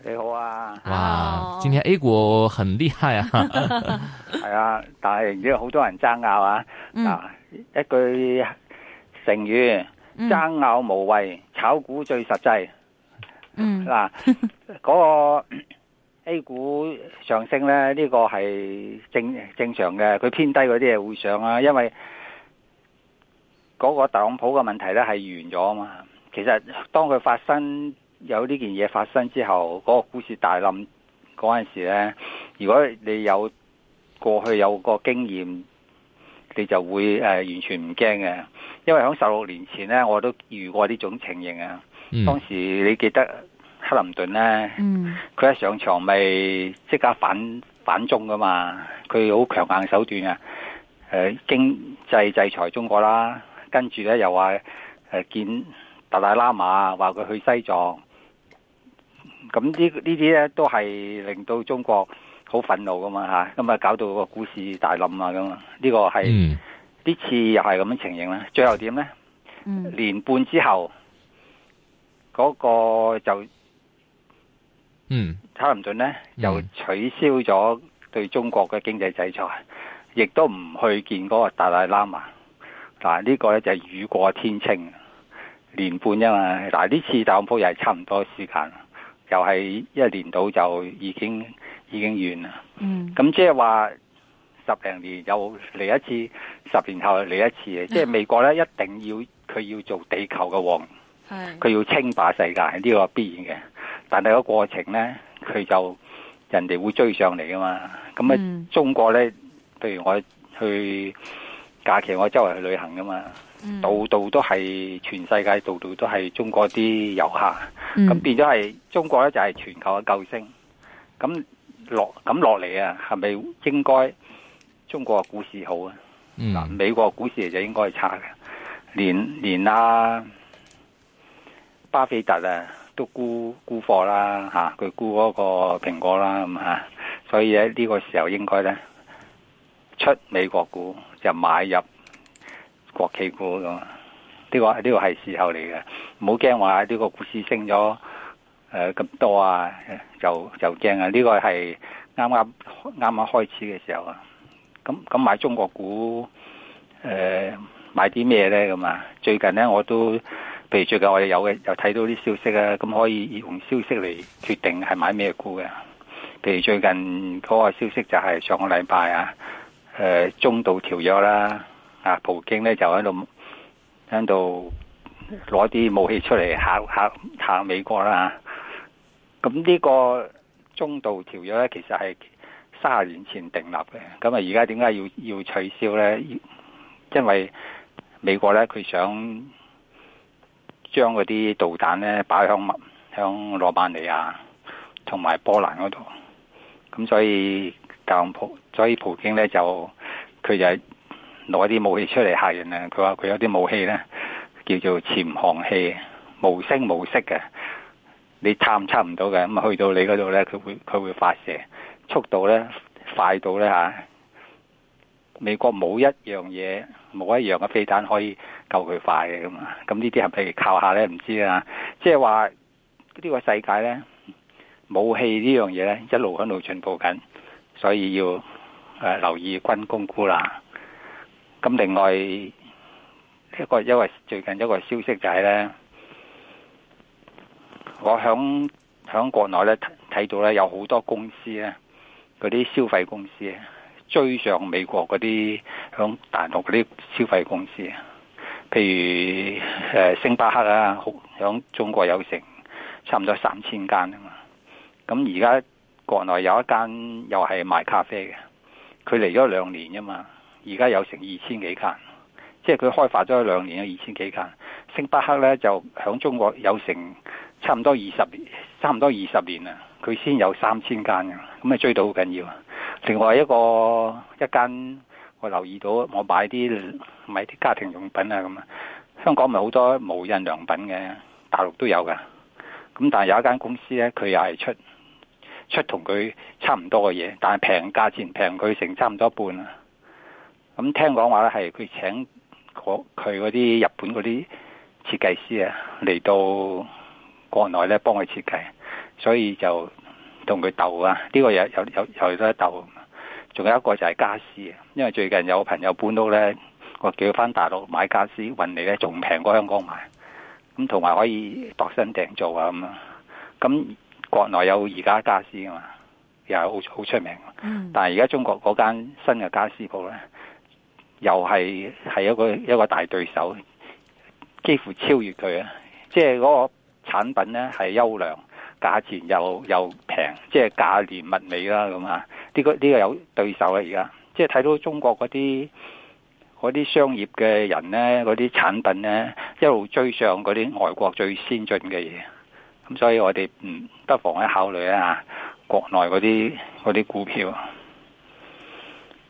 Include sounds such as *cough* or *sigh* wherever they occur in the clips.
你好啊！哇，今天 A 股很厲害啊！係 *laughs* 啊，但係而家好多人爭拗啊！嗱、嗯啊，一句成語：嗯、爭拗無謂，炒股最實際。嗯，嗱、啊，嗰、嗰個 *laughs* A 股上升咧，呢、呢個係正正常嘅，佢偏低嗰啲嘢會上啊，因為嗰個特朗普嘅問題咧係完咗啊嘛。其實當佢發生。有呢件嘢發生之後，嗰、那個股市大冧嗰陣時咧，如果你有過去有個經驗，你就會誒、呃、完全唔驚嘅，因為喺十六年前咧，我都遇過呢種情形啊、嗯。當時你記得克林頓咧，佢、嗯、一上場咪即刻反反中噶嘛，佢好強硬嘅手段啊。誒、呃，經濟制裁中國啦，跟住咧又話誒、呃、見達賴喇嘛，話佢去西藏。咁呢呢啲咧都係令到中國好憤怒噶嘛嚇，咁啊搞到個股市大冧啊，咁呢個係呢次又係咁樣情形啦。最後點咧、嗯？年半之後嗰個就嗯，克林頓咧又取消咗對中國嘅經濟制裁，亦都唔去見嗰個達賴喇嘛。嗱。呢個咧就雨過天晴，年半咋嘛嗱，呢次特朗普又係差唔多時間。又、就、係、是、一年到，就已經已經完啦。嗯、mm.，咁即係話十零年又嚟一次，十年後嚟一次。即、mm. 係美國咧，一定要佢要做地球嘅王，佢、mm. 要稱霸世界，呢、這個必然嘅。但係個過程咧，佢就人哋會追上嚟噶嘛。咁啊，中國咧，譬如我去假期，我周圍去旅行噶嘛。嗯、度度都係全世界，度度都係中國啲遊客，咁、嗯、變咗係中國咧就係全球嘅救星。咁落咁落嚟啊，係咪應該中國嘅股市好、嗯、啊？嗱，美國股市就應該係差嘅，連連啦、啊，巴菲特啊都沽沽貨啦吓，佢沽嗰個蘋果啦咁啊，所以呢個時候應該咧出美國股就買入。國企股咁，呢、這個呢、這個係時候嚟嘅，唔好驚話呢個股市升咗誒咁多啊，就就驚啊！呢、這個係啱啱啱啱開始嘅時候啊，咁咁買中國股誒、呃、買啲咩咧咁啊？最近咧我都，譬如最近我哋有嘅，又睇到啲消息啊，咁可以用消息嚟決定係買咩股嘅。譬如最近嗰個消息就係上個禮拜啊，誒、呃、中度條約啦。啊，普京咧就喺度喺度攞啲武器出嚟嚇嚇嚇美國啦。咁呢個中導條約咧其實係卅年前訂立嘅，咁啊而家點解要要取消咧？因為美國咧佢想將嗰啲導彈咧擺響物響羅馬尼亞同埋波蘭嗰度，咁所以教普，所以普京咧就佢就。攞啲武器出嚟嚇人啊！佢話佢有啲武器咧，叫做潛航器，無聲無息嘅，你探測唔到嘅。咁啊，去到你嗰度咧，佢會佢會發射，速度咧快到咧、嚇、美國冇一樣嘢，冇一樣嘅飛彈可以夠佢快嘅，咁咁呢啲係咪靠下咧？唔知啦。即係話呢個世界咧，武器呢樣嘢咧，一路喺度進步緊，所以要、啊、留意軍工股啦。咁另外一個因為最近一個消息就係呢，我響響國內呢睇到呢，有好多公司呢，嗰啲消費公司追上美國嗰啲響大陸嗰啲消費公司啊，譬如星巴克啊，響中國有成差唔多三千間啊嘛，咁而家國內有一間又係賣咖啡嘅，佢嚟咗兩年啫嘛。而家有成二千幾間，即係佢開發咗兩年有二千幾間。星巴克呢就喺中國有成差唔多二十差唔多二十年啦，佢先有三千間嘅，咁啊追到好緊要。另外一個一間我留意到，我買啲買啲家庭用品啊咁啊，香港咪好多無印良品嘅，大陸都有㗎。咁但係有一間公司呢，佢又係出出同佢差唔多嘅嘢，但係平價錢平佢成差唔多一半啊。咁聽講話咧，係佢請佢嗰啲日本嗰啲設計師啊，嚟到國內咧幫佢設計，所以就同佢鬥啊。呢個又又又又都喺鬥。仲有一個就係家私。啊，因為最近有朋友搬屋咧，我叫佢翻大陸買家私，運嚟咧仲平過香港買，咁同埋可以度身訂造啊咁咁國內有而家家私啊嘛，又好好出名。但係而家中國嗰間新嘅家私鋪咧。又係係一個一個大對手，幾乎超越佢啊！即係嗰個產品呢，係優良，價錢又又平，即係價廉物美啦咁啊！呢個呢個有對手啊！而家即係睇到中國嗰啲嗰啲商業嘅人呢，嗰啲產品呢，一路追上嗰啲外國最先進嘅嘢，咁所以我哋唔不妨去考慮一下國內嗰啲嗰啲股票。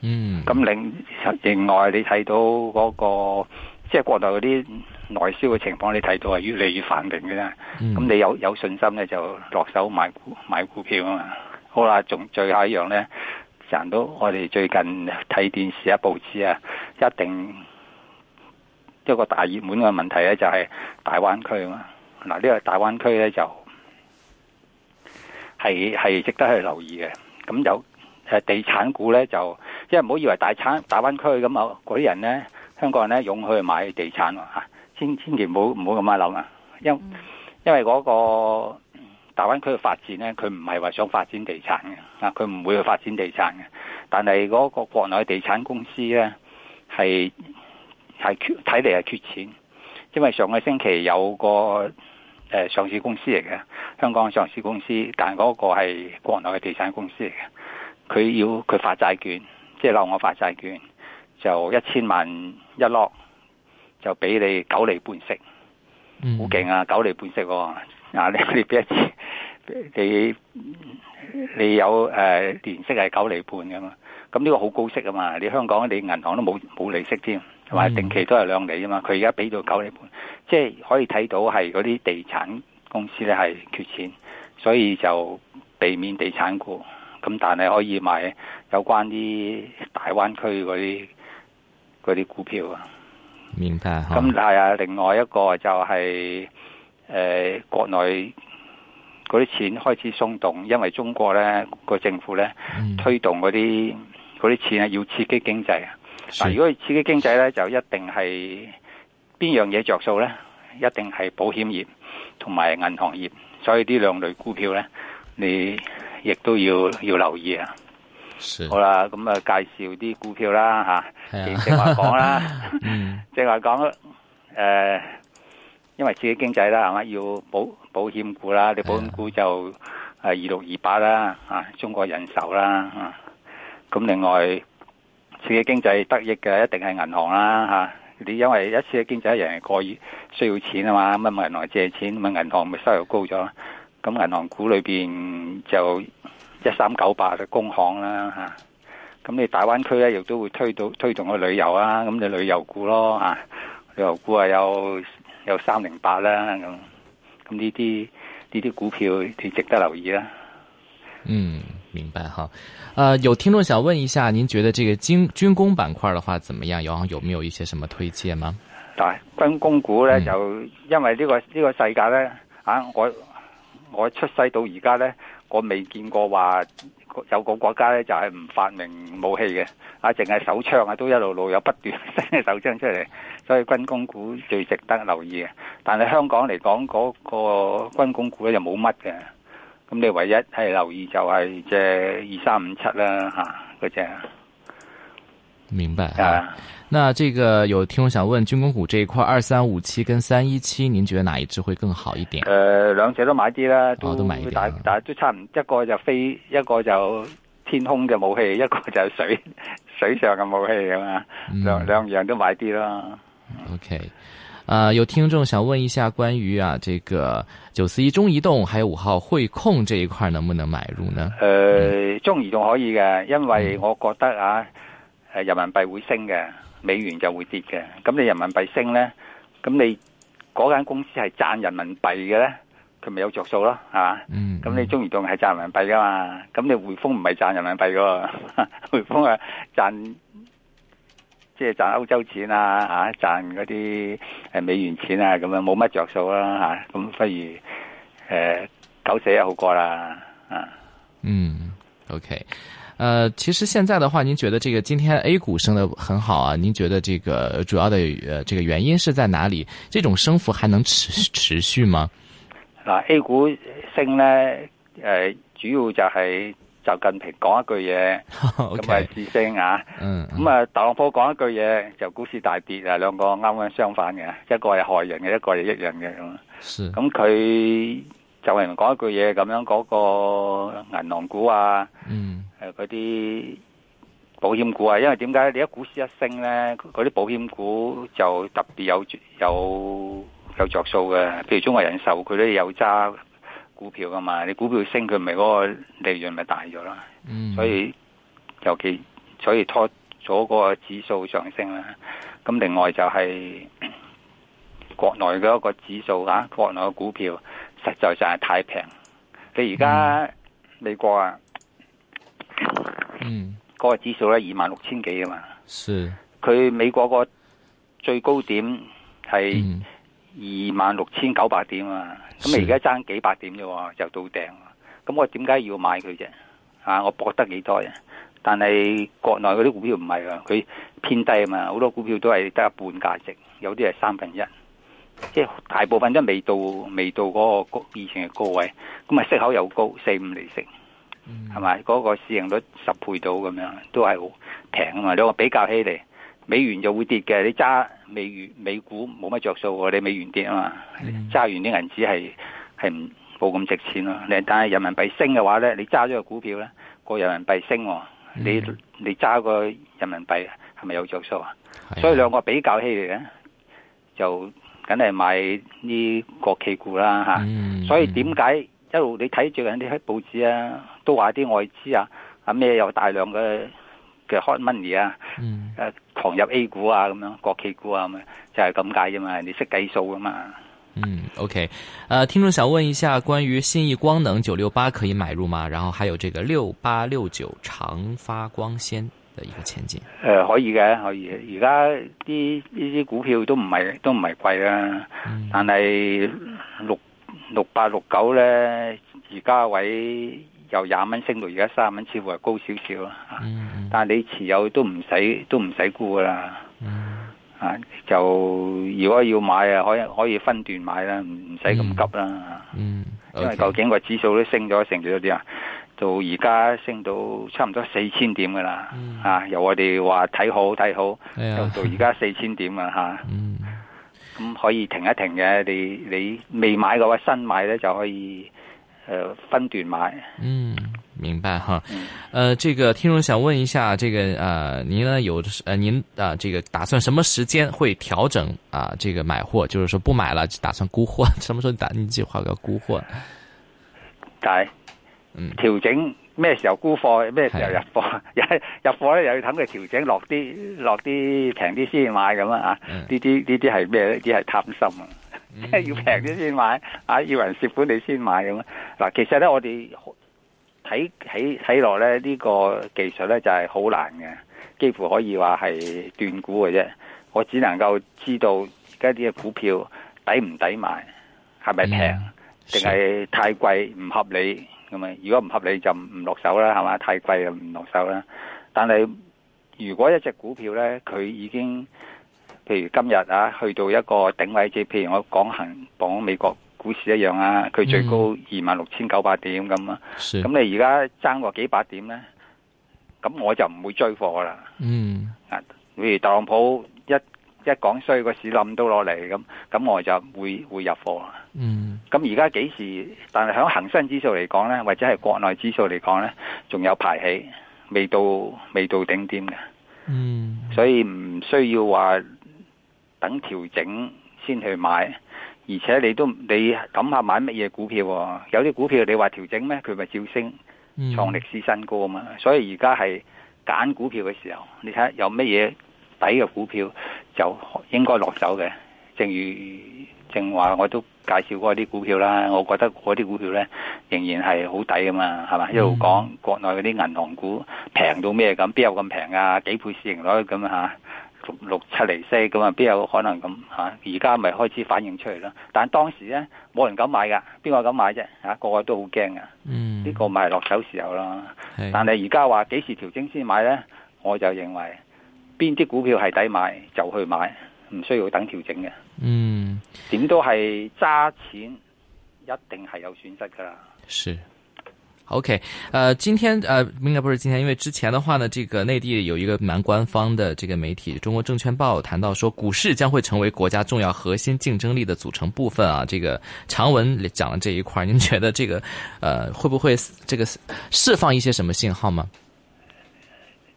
嗯，咁另另外你睇到嗰、那個即係、就是、國內嗰啲內銷嘅情況，你睇到係越嚟越繁榮嘅啦。咁、嗯、你有有信心咧，就落手買股買股票啊嘛。好啦，仲最後一樣咧，成日都我哋最近睇電視啊、報紙啊，一定、就是、一個大熱門嘅問題咧，就係大灣區啊嘛。嗱，呢個大灣區咧就係係值得去留意嘅。咁有誒地產股咧就。即係唔好以為大產大灣區咁啊，嗰啲人咧，香港人咧，湧去買地產喎。千千祈唔好唔好咁樣諗啊！因為因為嗰個大灣區嘅發展咧，佢唔係話想發展地產嘅，啊，佢唔會去發展地產嘅。但係嗰個國內嘅地產公司咧，係係缺睇嚟係缺錢，因為上個星期有個誒上市公司嚟嘅，香港上市公司，但係嗰個係國內嘅地產公司嚟嘅，佢要佢發債券。即係撈我發債券，就一千萬一粒就俾你九厘半息，好、嗯、勁、嗯、啊！九厘半息喎、啊，你你俾一次，你你有誒年、呃、息係九厘半嘅嘛？咁呢個好高息啊嘛！你香港你銀行都冇冇利息添，同、嗯、埋、嗯、定期都係兩厘啊嘛。佢而家俾到九厘半，即係可以睇到係嗰啲地產公司咧係缺錢，所以就避免地產股，咁但係可以買。有關啲大灣區嗰啲嗰啲股票啊，明白。咁但係啊，另外一個就係、是、誒、呃，國內嗰啲錢開始鬆動，因為中國咧個政府咧、嗯、推動嗰啲嗰啲錢啊，要刺激經濟啊。嗱，如果刺激經濟咧，就一定係邊樣嘢着數咧？一定係保險業同埋銀行業，所以呢兩類股票咧，你亦都要要留意啊。好啦，咁啊介紹啲股票啦吓，正正話講啦，正話講誒、 *laughs* 嗯呃，因為刺激經濟啦，係嘛，要保保險股啦，你保險股就誒二六二八啦，吓、啊啊、中國人壽啦，咁、啊、另外刺激經濟得益嘅一定係銀行啦吓，你、啊、因為一次嘅經濟一樣人人過月需要錢啊嘛，咁、嗯、咪銀行借錢，咁、嗯、銀行咪收入高咗，咁銀行股裏邊就。一三九八嘅工行啦吓，咁、啊、你大灣區咧亦都會推到推動去旅遊啊，咁你旅遊股咯吓、啊，旅遊股啊有有三零八啦咁，咁呢啲呢啲股票你值得留意啦。嗯，明白吓。誒、呃，有聽眾想問一下，您覺得這個軍軍工板塊嘅話怎麼樣？有有沒有一些什麼推介嗎？啊、嗯，軍工股咧就因為呢、這個呢、這個世界咧啊，我我出世到而家咧。我未見過話有個國家咧就係唔發明武器嘅。啊，淨係手槍啊都一路路有不斷新嘅手槍出嚟，所以軍工股最值得留意嘅。但係香港嚟講嗰個軍工股咧就冇乜嘅，咁你唯一係留意就係隻二三五七啦嗰隻。明白啊。那這個有聽眾想問軍工股這一塊，二三五七跟三一七，您覺得哪一支會更好一點？呃兩者都買啲啦、哦，都買一點，一但係都差唔多，一個就飛，一個就天空嘅武器，一個就水水上嘅武器咁啊，兩、嗯、兩,兩樣都買啲啦。OK，啊、呃，有聽眾想問一下關於啊，這個九四一中移動，還有五號匯控這一塊能不能買入呢？呃中移動可以嘅、嗯，因為我覺得啊，呃、人民幣會升嘅。美元就會跌嘅，咁你人民幣升咧，咁你嗰間公司係賺人民幣嘅咧，佢咪有着數咯，係、嗯、嘛？咁、嗯、你中移動係賺人民幣噶嘛？咁你匯豐唔係賺人民幣喎，匯豐啊賺，即係賺歐洲錢啊嚇、啊，賺嗰啲誒美元錢啊咁樣冇乜着數啦嚇，咁不如九四一好過啦啊！嗯，OK。呃，其實現在的話，您覺得這個今天 A 股升得很好啊？您覺得這個主要的，呃、這個原因是在哪裏？這種升幅還能持持續嗎？嗱，A 股升咧，誒、呃，主要就係習近平講一句嘢咁咪止升啊，嗯，咁、嗯、啊，特朗普講一句嘢就股市大跌啊，兩個啱啱相反嘅，一個係害人嘅，一個係益人嘅咁啊，咁佢。嗯就係講一句嘢咁樣，嗰個銀行股啊，誒，嗰啲保險股啊，因為點解？你一股市一升咧，嗰啲保險股就特別有有有着數嘅。譬如中國人壽，佢都有揸股票噶嘛，你股票升，佢唔係嗰個利潤咪大咗啦。所以尤其所以拖咗個指數上升啦。咁另外就係國內嘅一個指數啊，國內嘅股票。就就係太平，你而家美國啊，嗯，個指數咧，二萬六千幾啊嘛，是，佢美國個最高點係、嗯、二萬六千九百點啊嘛，咁你而家爭幾百點啫，啊，就到頂，咁我點解要買佢啫？啊，我博得幾多啫，啊？但係國內嗰啲股票唔係啊，佢偏低啊嘛，好多股票都係得一半價值，有啲係三分一。即係大部分都未到未到嗰個高以前嘅高位，咁啊息口又高四五厘成，係咪嗰個市盈率十倍到咁樣，都係好平啊嘛？兩個比較起嚟，美元就會跌嘅，你揸美元美股冇乜着數，你美元跌啊嘛，揸、嗯、完啲銀紙係係唔冇咁值錢囉。你但係人民幣升嘅話咧，你揸咗個股票咧，人幣啊、個人民幣升，你你揸個人民幣係咪有着數啊？所以兩個比較起嚟呢。就。梗係買呢國企股啦嚇、嗯，所以點解一路你睇住人哋喺報紙啊，都話啲外資啊啊咩有大量嘅嘅 hot money 啊，誒、嗯啊、狂入 A 股啊咁樣，國企股啊，咁就係咁解啫嘛，你識計數噶嘛？嗯，OK，誒、呃，聽眾想問一下關於信義光能九六八可以買入嗎？然後還有這個六八六九長發光纖。誒、這個呃，可以嘅，可以嘅。而家啲呢啲股票都唔係都唔係貴啦、嗯，但係六六八六九咧，而家位由廿蚊升到而家三十蚊，似乎係高少少啦。但係你持有都唔使都唔使沽噶啦，啊，就如果要買啊，可以可以分段買啦，唔唔使咁急啦。嗯，嗯 okay. 因為究竟個指數都升咗，成幾多啲啊。到而家升到差唔多四千點噶啦、嗯，啊，由我哋話睇好睇好，哎、到而家四千點、嗯、啊吓，咁、嗯嗯、可以停一停嘅。你你未買嘅話，新買咧就可以誒、呃、分段買。嗯，明白哈誒、呃，這個聽眾想問一下，這個啊、呃呃，您呢有誒，您、呃、啊，這個打算什麼時間會調整啊、呃？這個買貨，就是說不買了，就打算沽貨。什麼時候打你計劃個沽貨？但係。調整咩時候沽貨，咩時候入貨？ *laughs* 入入貨咧又要等佢調整落啲落啲平啲先買咁啊！啊，呢啲呢啲係咩咧？啲係貪心啊！即、嗯、係 *laughs* 要平啲先買，啊要人蝕本你先買咁啊！嗱，其實咧我哋睇睇睇落咧呢、這個技術咧就係、是、好難嘅，幾乎可以話係斷估嘅啫。我只能夠知道而家啲嘅股票抵唔抵買，係咪平，定、嗯、係太貴唔合理？咁啊！如果唔合理就唔落手啦，係嘛？太貴就唔落手啦。但係如果一隻股票咧，佢已經譬如今日啊，去到一個頂位，即係譬如我講恒榜美國股市一樣啊，佢最高二萬六千九百點咁啊。咁你而家爭過幾百點咧，咁我就唔會追貨啦。嗯，譬如特朗普。一講衰個市冧都攞嚟咁，咁我就會會入貨啦。嗯，咁而家幾時？但係喺恒生指數嚟講咧，或者係國內指數嚟講咧，仲有排起，未到未到頂點嘅。嗯，所以唔需要話等調整先去買，而且你都你諗下買乜嘢股票？有啲股票你話調整咩？佢咪照升，創歷史新高嘛。所以而家係揀股票嘅時候，你睇下有乜嘢？抵嘅股票就應該落手嘅，正如正話我都介紹過啲股票啦，我覺得嗰啲股票咧仍然係好抵噶嘛，係嘛？一路講國內嗰啲銀行股平到咩咁，邊有咁平啊？幾倍市盈率咁啊吓，六七厘息咁啊，邊有可能咁吓？而家咪開始反映出嚟咯，但係當時咧冇人敢買噶，邊個敢買啫？吓、啊，個個都好驚㗎。呢、嗯呢個咪係落手時候咯。但係而家話幾時調整先買咧，我就認為。邊啲股票係抵買就去買，唔需要等調整嘅。嗯，點都係揸錢，一定係有損失㗎喇。是，OK，呃，今天，呃，應該不是今天，因為之前的話呢，這個內地有一個蠻官方的這個媒體《中國證券報》談到說，股市將會成為國家重要核心競爭力的組成部分啊。這個長文講了這一塊，您覺得這個，呃，會不會這個釋放一些什麼信號嗎？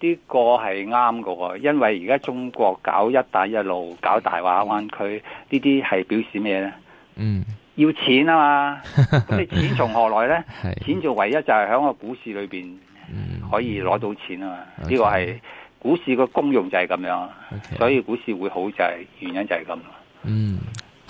呢個係啱嘅，因為而家中國搞一帶一路、搞大灣區，呢啲係表示咩呢？嗯，要錢啊嘛，咁 *laughs* 你錢從何來呢？錢就唯一就係喺個股市裏邊可以攞到錢啊嘛，呢、嗯、個係股市嘅功用就係咁樣，okay. 所以股市會好就係、是、原因就係咁。嗯。